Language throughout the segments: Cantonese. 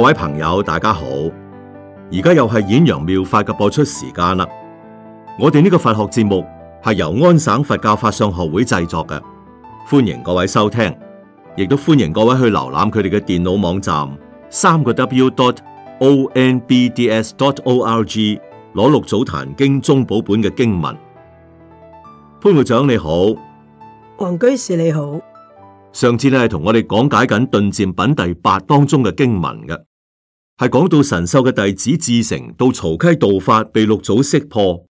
各位朋友，大家好！而家又係演揚妙法嘅播出時間啦。我哋呢個佛學節目係由安省佛教法相學會製作嘅，歡迎各位收聽，亦都歡迎各位去瀏覽佢哋嘅電腦網站，三個 W dot O N B D S dot O R G，攞六祖壇經宗寶本嘅經文。潘會長你好，黃居士你好。上次咧係同我哋講解緊《頓漸品》第八當中嘅經文嘅。係講到神秀嘅弟子智成到曹溪道法被六祖識破，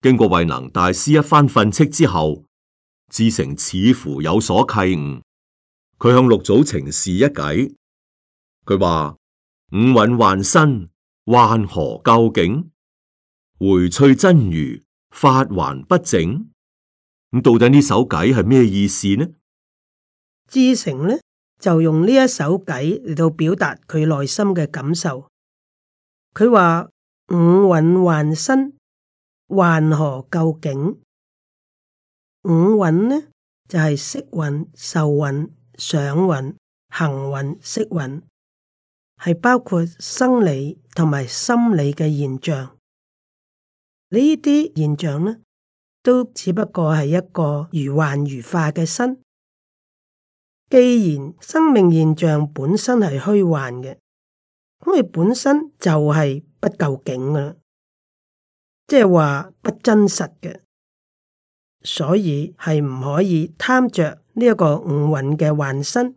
經過慧能大師一番訓斥之後，智成似乎有所契悟，佢向六祖呈示一偈，佢話五蘊幻身，幻何究竟，回趣真如法還不整，咁到底呢首偈係咩意思呢？智成呢，就用呢一首偈嚟到表達佢內心嘅感受。佢話五蘊幻身，幻何究竟？五蘊呢，就係、是、色蘊、受蘊、想蘊、行蘊、識蘊，係包括生理同埋心理嘅現象。呢啲現象呢，都只不過係一個如幻如化嘅身。既然生命現象本身係虛幻嘅，因為本身就係不究竟嘅，即係話不真實嘅，所以係唔可以貪着呢一個五蘊嘅幻身。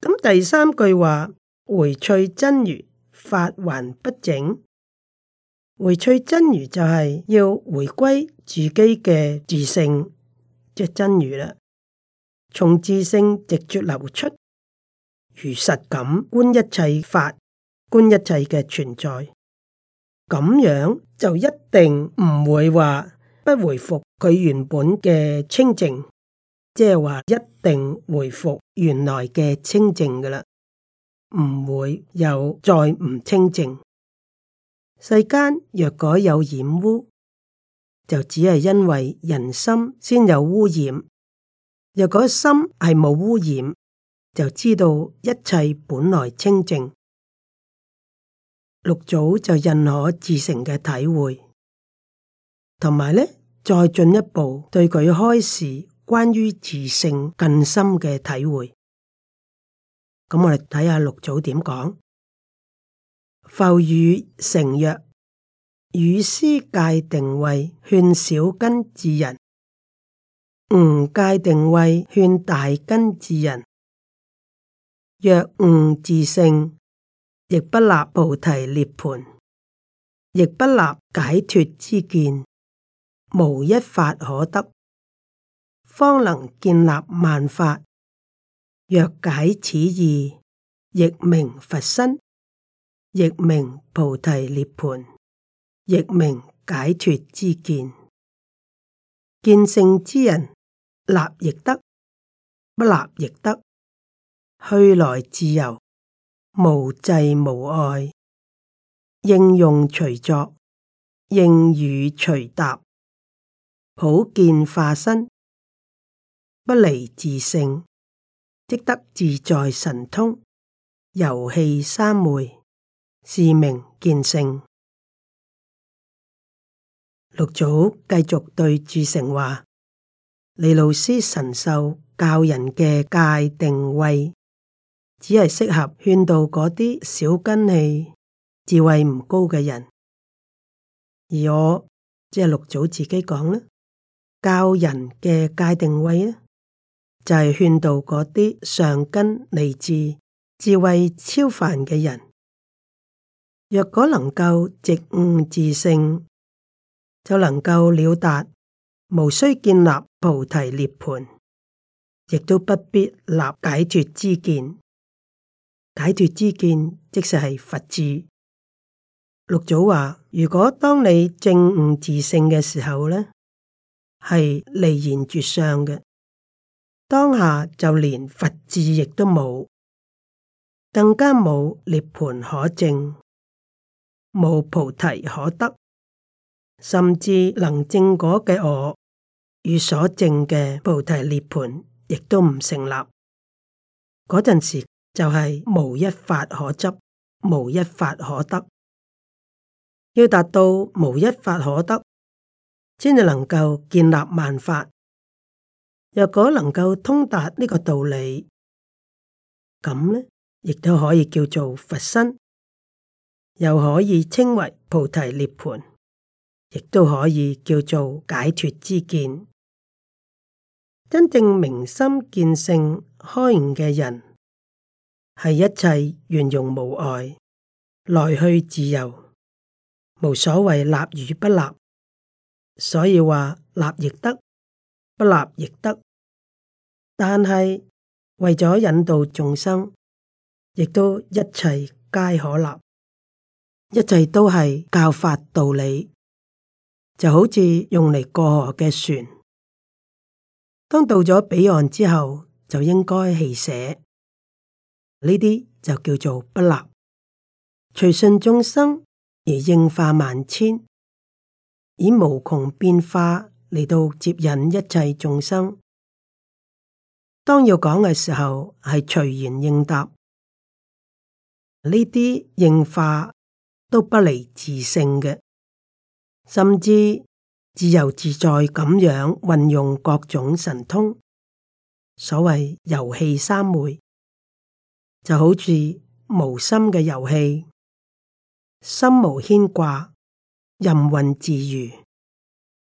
咁第三句話回趣真如發還不整。回趣真如就係要回歸自己嘅自性，即真如啦。從自性直接流出，如實咁觀一切法，觀一切嘅存在，咁樣就一定唔會話不回復佢原本嘅清淨，即係話一定回復原來嘅清淨噶啦，唔會又再唔清淨。世間若果有染污，就只係因為人心先有污染。若果心係冇污染，就知道一切本來清淨。六祖就印可自性嘅體會，同埋咧再進一步對佢開示關於自性更深嘅體會。咁、嗯、我哋睇下六祖點講。浮語成曰：語師界定慧，勸小根智人。吾界定為勸大根之人，若悟自性，亦不立菩提涅盤，亦不立解脱之見，無一法可得，方能建立萬法。若解此意，亦明佛身，亦明菩提涅盤，亦明解脱之見。見性之人。立亦得，不立亦得，去來自由，無滯無礙，應用隨作，應語隨答，普見化身，不離自性，即得自在神通，遊戲三昧，是名見性。六祖繼續對志誠話。你老師神秀教人嘅戒定慧，只係適合勸導嗰啲小根器、智慧唔高嘅人；而我即係、就是、六祖自己講啦，教人嘅戒定慧咧，就係、是、勸導嗰啲上根利智、智慧超凡嘅人。若果能夠直悟自性，就能夠了達。無需建立菩提涅槃，亦都不必立解脱之見。解脱之見，即使係佛智。六祖話：如果當你正悟自性嘅時候呢，係離言絕相嘅，當下就連佛智亦都冇，更加冇涅槃可證，冇菩提可得，甚至能證果嘅我。與所證嘅菩提涅槃，亦都唔成立。嗰陣時就係無一法可執，無一法可得。要達到無一法可得，先至能夠建立萬法。若果能夠通達呢個道理，咁呢亦都可以叫做佛身，又可以稱為菩提涅槃，亦都可以叫做解脫之見。真正明心見性開悟嘅人，係一切圓融無礙、來去自由，無所謂立與不立。所以話立亦得，不立亦得。但係為咗引導眾生，亦都一切皆可立，一切都係教法道理，就好似用嚟過河嘅船。當到咗彼岸之後，就應該棄捨。呢啲就叫做不立，隨順眾生而應化萬千，以無窮變化嚟到接引一切眾生。當要講嘅時候，係隨緣應答，呢啲應化都不離自性嘅，甚至，自由自在咁樣運用各種神通，所謂遊戲三昧，就好似無心嘅遊戲，心無牽掛，任運自如，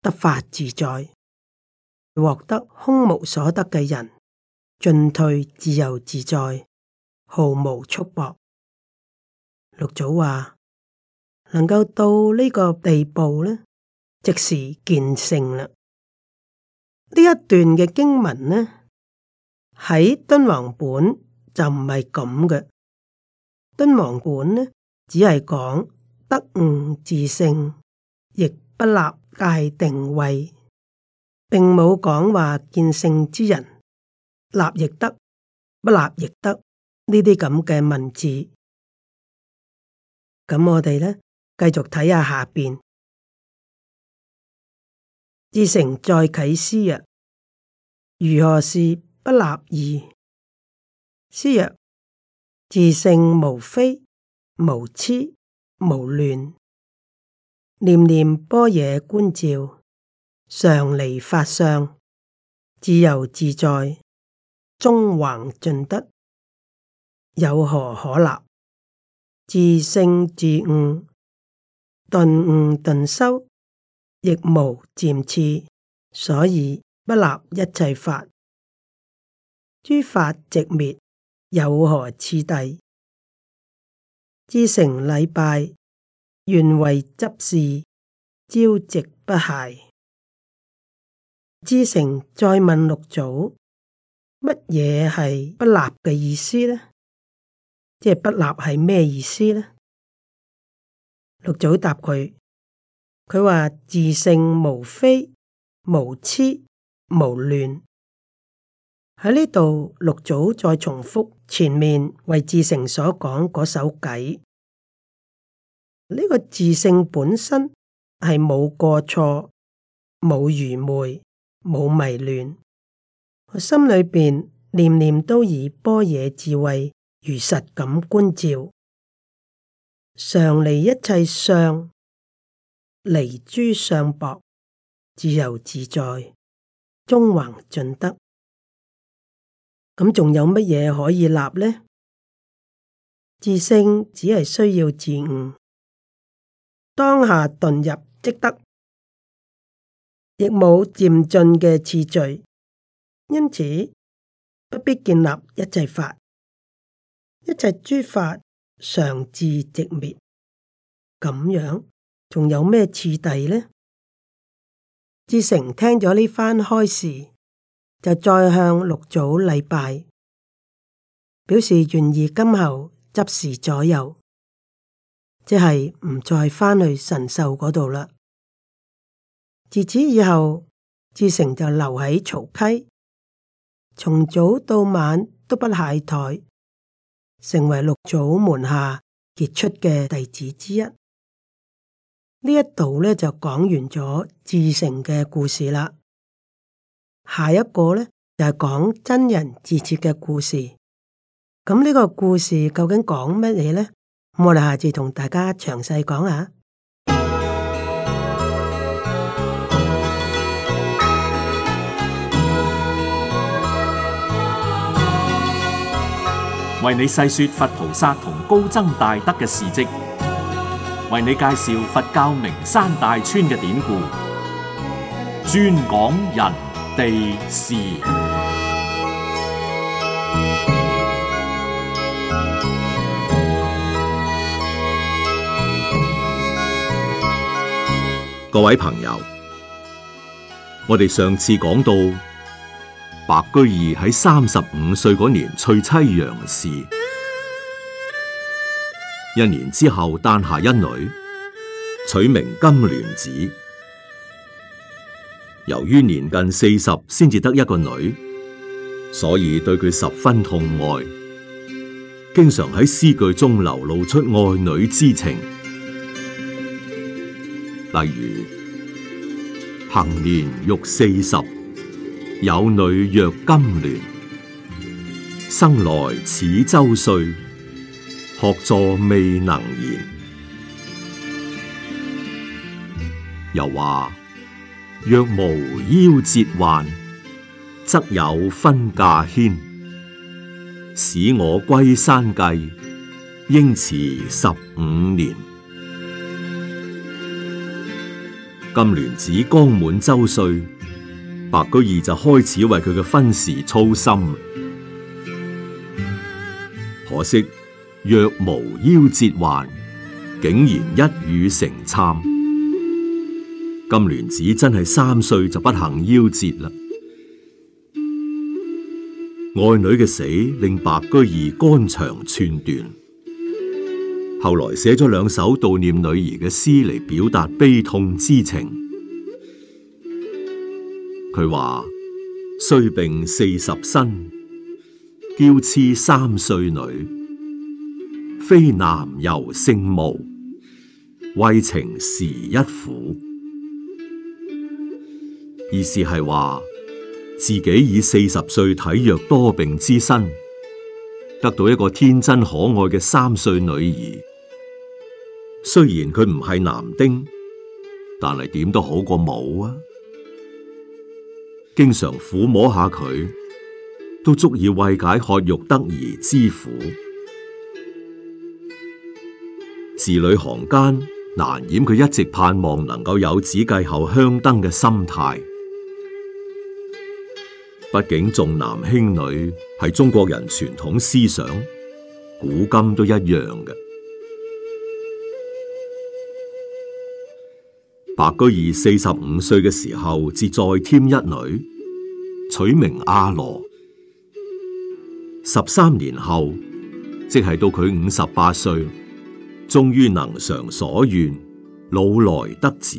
得法自在，獲得空無所得嘅人，進退自由自在，毫無束縛。六祖話：能夠到呢個地步呢？即是，見性啦，呢一段嘅經文呢，喺敦煌本就唔係咁嘅。敦煌本呢，只係講得悟自性，亦不立戒定位，並冇講話見性之人，立亦得，不立亦得呢啲咁嘅文字。咁我哋呢，繼續睇下下邊。自成，再啟師曰：如何是不立意？師曰：自性無非無痴無亂，念念般若觀照，常離法相，自由自在，中橫盡得，有何可立？自性自悟，頓悟頓修。亦無漸次，所以不立一切法。諸法寂滅，有何次第？志誠禮拜，願為執事，朝夕不懈。志誠再問六祖：乜嘢係不立嘅意思呢？即係不立係咩意思呢？六祖答佢。佢話自性無非無痴無亂，喺呢度六祖再重複前面為自成所講嗰首偈。呢、這個自性本身係冇過錯、冇愚昧、冇迷亂，我心裏邊念念都以般若智慧如實咁觀照，常離一切相。離諸相薄，自由自在，中橫盡得。咁仲有乜嘢可以立呢？自性只係需要自悟，當下頓入即得，亦冇漸進嘅次序，因此不必建立一切法，一切諸法常自寂滅，咁樣。仲有咩次第呢？志成聽咗呢番開示，就再向六祖禮拜，表示願意今後執事左右，即係唔再返去神秀嗰度啦。自此以後，志成就留喺曹溪，從早到晚都不懈怠，成為六祖門下傑出嘅弟子之一。呢一度咧，就講完咗自成嘅故事啦，下一個咧，就係講真人自捷嘅故事。咁、這、呢個故事究竟講乜嘢咧？我哋下次同大家詳細講下。為你細說佛菩薩同高僧大德嘅事跡。為你介紹佛教名山大川嘅典故，專講人地事。各位朋友，我哋上次講到白居易喺三十五歲嗰年娶妻楊氏。一年之後誕下一女，取名金鑾子。由於年近四十先至得一個女，所以對佢十分痛愛，經常喺詩句中流露出愛女之情。例如：行年欲四十，有女若金鑾，生來始周歲，學坐未能言，又話若無夭折患，則有婚嫁牽，使我歸山計，應遲十五年。金鑾子剛滿周歲，白居易就開始為佢嘅婚事操心，可惜。若無夭折患，竟然一語成讖。金鑾子真係三歲就不幸夭折啦，愛女嘅死令白居易肝腸寸斷。後來寫咗兩首悼念女兒嘅詩嚟表達悲痛之情。佢話：衰病四十身，嬌痴三歲女。非男猶勝無，慰情是一苦。意思係話自己以四十歲體弱多病之身，得到一個天真可愛嘅三歲女兒，雖然佢唔係男丁，但係點都好過冇啊！經常撫摸下佢，都足以慰解渴欲得兒之苦。字裏行間難掩佢一直盼望能夠有子繼後香燈嘅心態。畢竟重男輕女係中國人傳統思想，古今都一樣嘅。白居易四十五歲嘅時候，至再添一女，取名阿羅。十三年後，即係到佢五十八歲。終於能償所願，老來得子。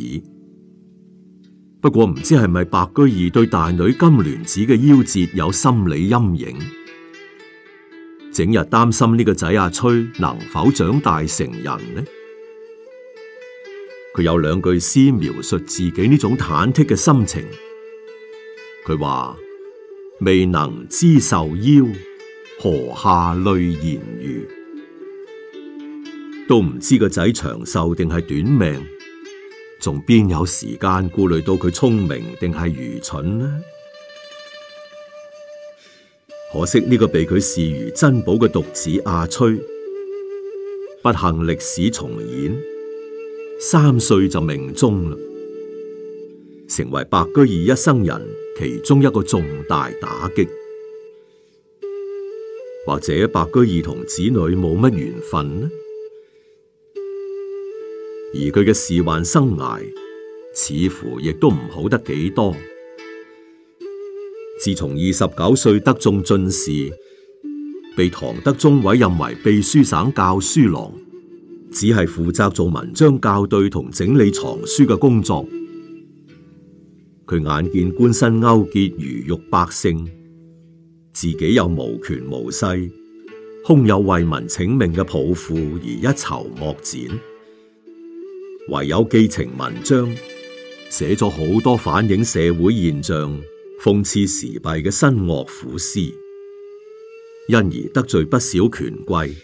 不過唔知係咪白居易對大女金鑾子嘅夭折有心理陰影，整日擔心呢個仔阿崔能否長大成人呢？佢有兩句詩描述自己呢種忐忑嘅心情。佢話未能知壽夭，何暇慮賢愚。都唔知個仔長壽定係短命，仲邊有時間顧慮到佢聰明定係愚蠢呢？可惜呢個被佢視如珍寶嘅獨子阿崔，不幸歷史重演，三歲就命終啦，成為白居易一生人其中一個重大打擊。或者白居易同子女冇乜緣分呢？而佢嘅仕宦生涯似乎亦都唔好得幾多。自從二十九歲得中進士，被唐德宗委任為秘書省校書郎，只係負責做文章校對同整理藏書嘅工作。佢眼見官紳勾結魚肉百姓，自己又無權無勢，空有為民請命嘅抱負而一籌莫展。唯有寄情文章，寫咗好多反映社會現象、諷刺時弊嘅新樂府詩，因而得罪不少權貴。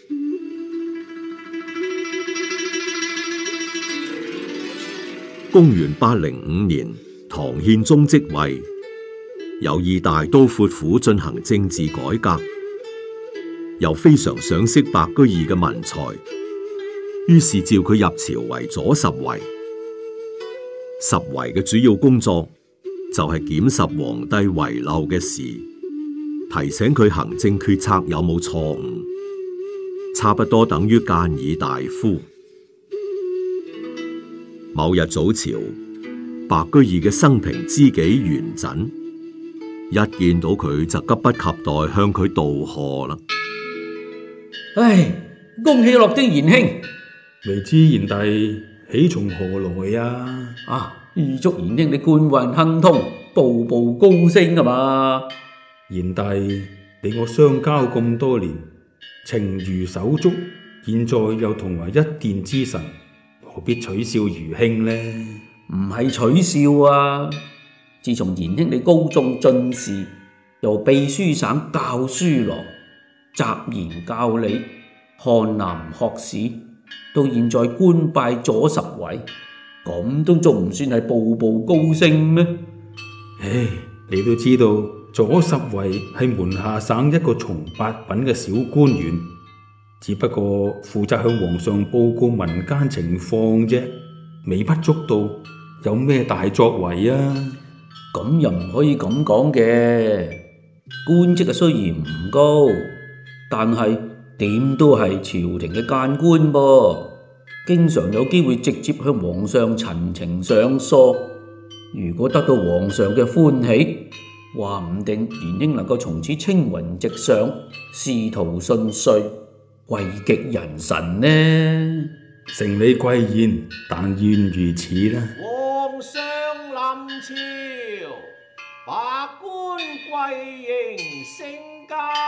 公元八零五年，唐憲宗即位，有意大刀闊斧進行政治改革，又非常賞識白居易嘅文才。於是召佢入朝為左拾遺，拾遺嘅主要工作就係檢拾皇帝遺漏嘅事，提醒佢行政決策有冇錯誤，差不多等於諫議大夫。某日早朝，白居易嘅生平知己元稹一見到佢就急不及待向佢道賀啦！唉，恭喜樂天賢兄！未知賢弟喜從何來呀？啊，預祝賢兄你官運亨通，步步高升啊嘛！賢弟，你我相交咁多年，情如手足，現在又同為一殿之臣，何必取笑愚兄呢？唔係取笑啊！自從賢兄你高中進士，由秘書省教書郎，習言教理，翰林學士。到現在官拜左十位，咁都仲唔算係步步高升咩？唉，你都知道左十位係門下省一個從八品嘅小官員，只不過負責向皇上報告民間情況啫，微不足道，有咩大作為啊？咁又唔可以咁講嘅，官職啊雖然唔高，但係，點都係朝廷嘅諫官噃，啊，經常有機會直接向皇上陳情上疏。如果得到皇上嘅歡喜，話唔定連英能夠從此青雲直上，仕途順遂，位極人臣。呢？成李貴言，但願如此啦。皇上臨朝，百官跪迎，升階。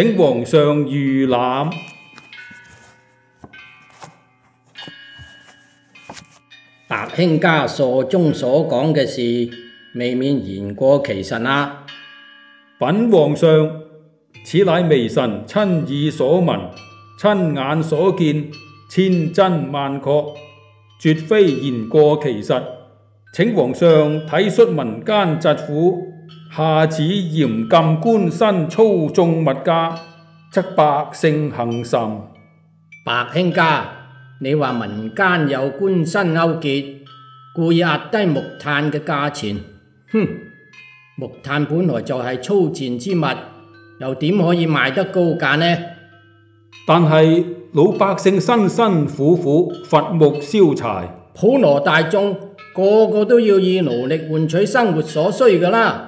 請皇上預覽白卿家所中所講嘅事，未免言過其實啦！稟皇上，此乃微臣親耳所聞，親眼所見，千真萬確，絕非言過其實。請皇上體恤民間疾苦。下旨嚴禁官紳操縱物價，則百姓幸甚。白卿家，你話民間有官紳勾結，故意壓低木炭嘅價錢？哼，木炭本來就係粗賤之物，又點可以賣得高價呢？但係老百姓辛辛苦苦伐木燒柴，普羅大眾個個都要以勞力換取生活所需㗎喇。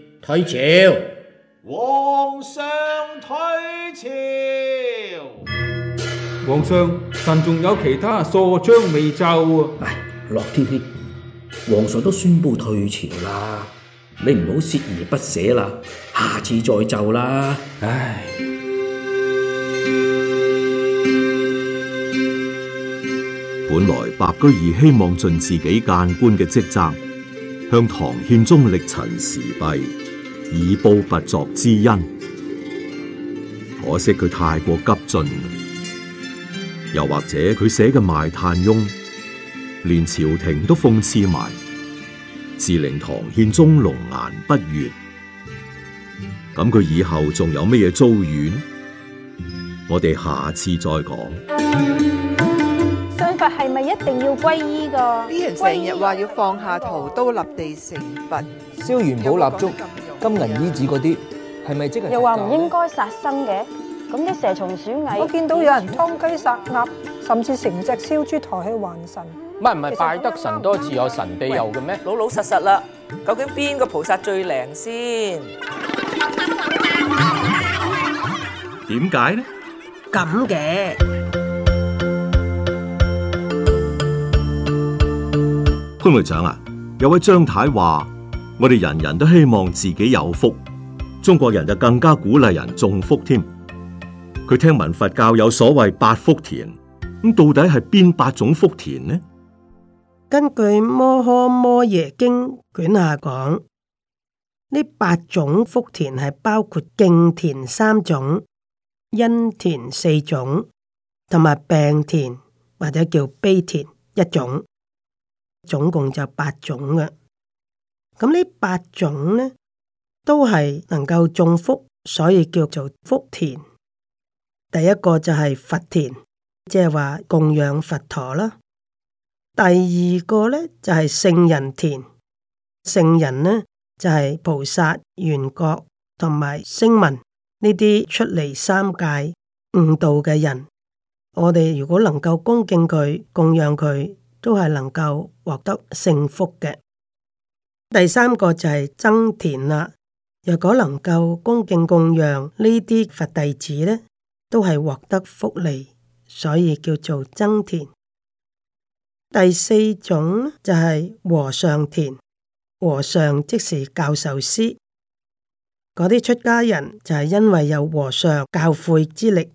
退朝，皇上退朝。皇上，臣仲有其他疏章未奏啊！哎，樂天兄，皇上都宣布退朝啦，你唔好鍥而不捨啦，下次再奏啦。唉、哎，本來白居易希望盡自己諫官嘅職責，向唐憲宗力陳時弊。以報佛作之恩，可惜佢太過急進，又或者佢寫嘅《賣炭翁》，連朝廷都諷刺埋，致令唐憲宗龍顏不悅。咁佢以後仲有咩嘢遭遇？我哋下次再講。信佛係咪一定要皈依噶？啲人成日話要放下屠刀立地成佛，燒元寶蠟燭。足金銀衣紙嗰啲係咪即係？又話唔應該殺生嘅，咁啲蛇蟲鼠蟻，我見到有人劏雞殺鴨，甚至成隻燒豬抬去還神。唔係唔係，拜得神多自有神庇佑嘅咩？老老實實啦，究竟邊個菩薩最靈先？點解呢？咁嘅潘會長啊，有位張太話。我哋人人都希望自己有福，中國人就更加鼓勵人種福添。佢聽聞佛教有所謂八福田，咁到底係邊八種福田呢？根據《摩訶摩耶經》卷下講，呢八種福田係包括敬田三種、恩田四種，同埋病田或者叫悲田一種，總共就八種嘅。咁呢八種呢都係能夠種福，所以叫做福田。第一個就係佛田，即係話供養佛陀啦。第二個呢就係、是、聖人田，聖人呢就係、是、菩薩、圓覺同埋聲聞呢啲出離三界悟道嘅人。我哋如果能夠恭敬佢、供養佢，都係能夠獲得聖福嘅。第三個就係增田啦。若果能夠恭敬供養呢啲佛弟子咧，都係獲得福利，所以叫做增田。第四種就係、是、和尚田。和尚即是教授師，嗰啲出家人就係因為有和尚教誨之力，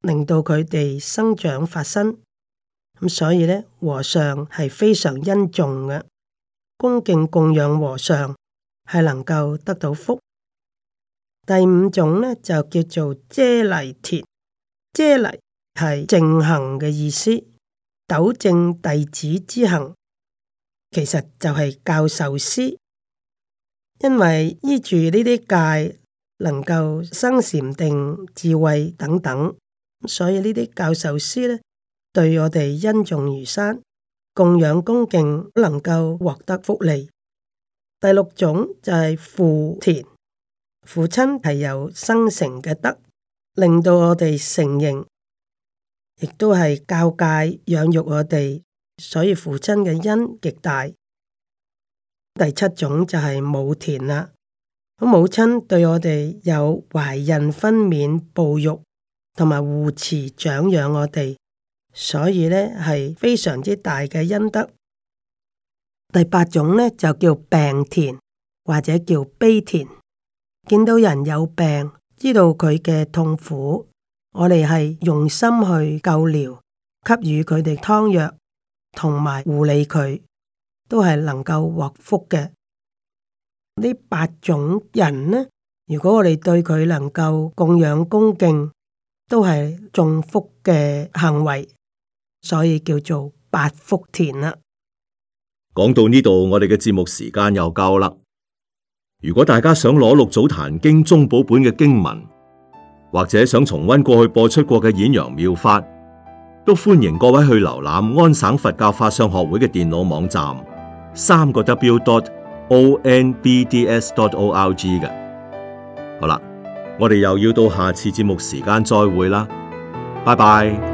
令到佢哋生長法身。咁所以咧，和尚係非常恩重嘅。恭敬供養和尚，係能夠得到福。第五種呢，就叫做遮泥鐵，遮泥係正行嘅意思，糾正弟子之行，其實就係教授師。因為依住呢啲戒，能夠生禪定、智慧等等，所以呢啲教授師呢，對我哋恩重如山。供養恭敬，能夠獲得福利。第六種就係父田，父親係由生成嘅德，令到我哋成形，亦都係教誡養育我哋，所以父親嘅恩極大。第七種就係母田啦，母親對我哋有懷孕分娩，哺育同埋護持長養我哋。所以呢，係非常之大嘅恩德。第八種呢，就叫病田或者叫悲田，見到人有病，知道佢嘅痛苦，我哋係用心去救療，給予佢哋湯藥同埋護理佢，都係能夠獲福嘅。呢八種人呢，如果我哋對佢能夠供養恭敬，都係種福嘅行為。所以叫做八福田啦。講到呢度，我哋嘅節目時間又夠啦。如果大家想攞六祖壇經宗寶本嘅經文，或者想重溫過去播出過嘅演揚妙法，都歡迎各位去瀏覽安省佛教法商學會嘅電腦網站，三個 W dot O N B D S dot O L G 嘅。好啦，我哋又要到下次節目時間再會啦，拜拜。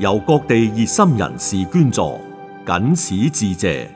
由各地熱心人士捐助，謹此致謝。